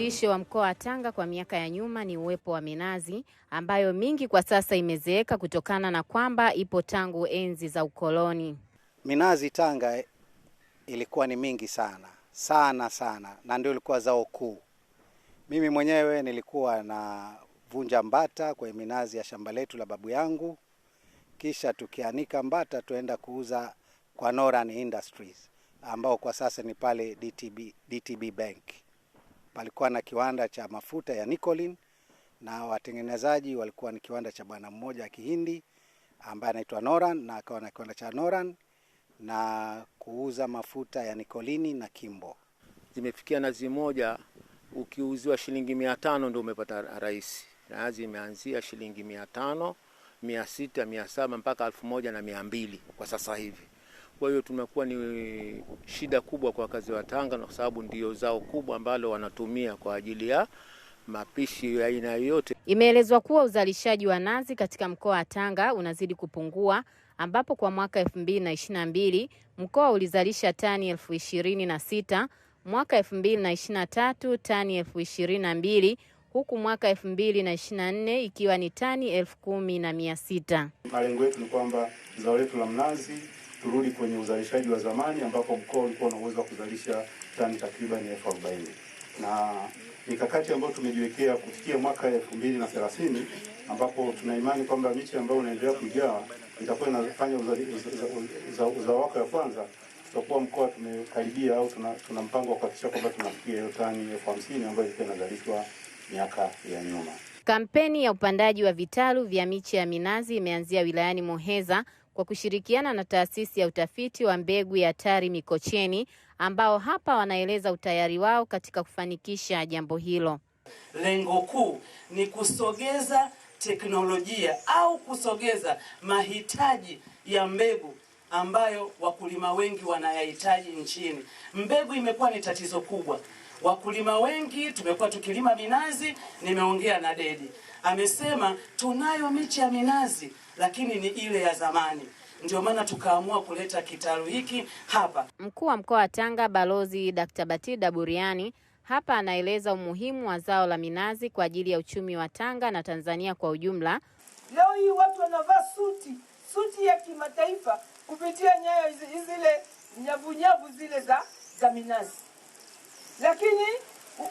ishi wa mkoa wa Tanga kwa miaka ya nyuma ni uwepo wa minazi ambayo mingi kwa sasa imezeeka kutokana na kwamba ipo tangu enzi za ukoloni. Minazi Tanga ilikuwa ni mingi sana sana sana, na ndio ilikuwa zao kuu. Mimi mwenyewe nilikuwa na vunja mbata kwenye minazi ya shamba letu la babu yangu, kisha tukianika mbata tuenda kuuza kwa Noran Industries ambao kwa sasa ni pale DTB, DTB Bank palikuwa na kiwanda cha mafuta ya Nicolin na watengenezaji walikuwa ni kiwanda cha bwana mmoja wa Kihindi ambaye anaitwa Noran na akawa na kiwanda cha Noran na kuuza mafuta ya Nicolini na Kimbo. Zimefikia nazi moja ukiuziwa shilingi mia tano ndio umepata rais. Nazi imeanzia shilingi mia tano, mia sita, mia saba mpaka elfu moja na mia mbili kwa sasa hivi. Kwa hiyo tumekuwa ni shida kubwa kwa wakazi wa Tanga, kwa sababu ndio zao kubwa ambalo wanatumia kwa ajili ya mapishi ya aina yoyote. Imeelezwa kuwa uzalishaji wa nazi katika mkoa wa Tanga unazidi kupungua ambapo kwa mwaka 2022 mkoa ulizalisha tani elfu ishirini na sita, mwaka 2023 tani elfu ishirini na mbili huku mwaka 2024 ikiwa ni tani elfu kumi na mia sita. Malengo yetu ni kwamba zao letu la mnazi turudi kwenye uzalishaji wa zamani ambapo mkoa ulikuwa na uwezo wa kuzalisha tani takriban elfu arobaini na mikakati ambayo tumejiwekea kufikia mwaka elfu mbili na thelathini ambapo tuna imani kwamba miche ambayo unaendelea kuigawa itakuwa inafanya uzao wako ya kwanza, tutakuwa mkoa tumekaribia au tuna, tuna mpango wa kuhakikisha kwamba tunafikia hiyo tani elfu hamsini ambayo ilikuwa inazalishwa miaka ya nyuma. Kampeni ya upandaji wa vitalu vya miche ya minazi imeanzia wilayani Muheza kwa kushirikiana na taasisi ya utafiti wa mbegu ya TARI Mikocheni ambao hapa wanaeleza utayari wao katika kufanikisha jambo hilo. Lengo kuu ni kusogeza teknolojia au kusogeza mahitaji ya mbegu ambayo wakulima wengi wanayahitaji nchini. Mbegu imekuwa ni tatizo kubwa. Wakulima wengi tumekuwa tukilima minazi. Nimeongea na Dedi, amesema tunayo miche ya minazi lakini ni ile ya zamani. Ndio maana tukaamua kuleta kitalu hiki hapa. Mkuu wa mkoa wa Tanga Balozi Dr. Batilda Buriani hapa anaeleza umuhimu wa zao la minazi kwa ajili ya uchumi wa Tanga na Tanzania kwa ujumla. Leo hii watu wanavaa suti, suti ya kimataifa kupitia nyayo zile nyavunyavu zile za, za minazi, lakini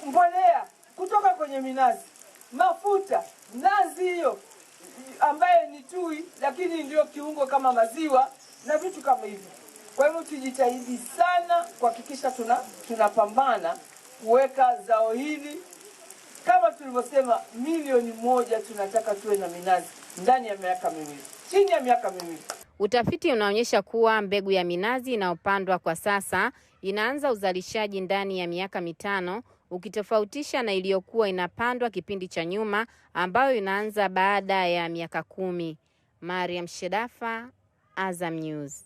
mbolea kutoka kwenye minazi, mafuta nazi hiyo lakini ndio kiungo kama maziwa na vitu kama hivyo. Kwa hivyo tujitahidi sana kuhakikisha tuna tunapambana kuweka zao hili kama tulivyosema, milioni moja tunataka tuwe na minazi ndani ya miaka miwili, chini ya miaka miwili. Utafiti unaonyesha kuwa mbegu ya minazi inayopandwa kwa sasa inaanza uzalishaji ndani ya miaka mitano ukitofautisha na iliyokuwa inapandwa kipindi cha nyuma ambayo inaanza baada ya miaka kumi. Mariam Shedafa, Azam News.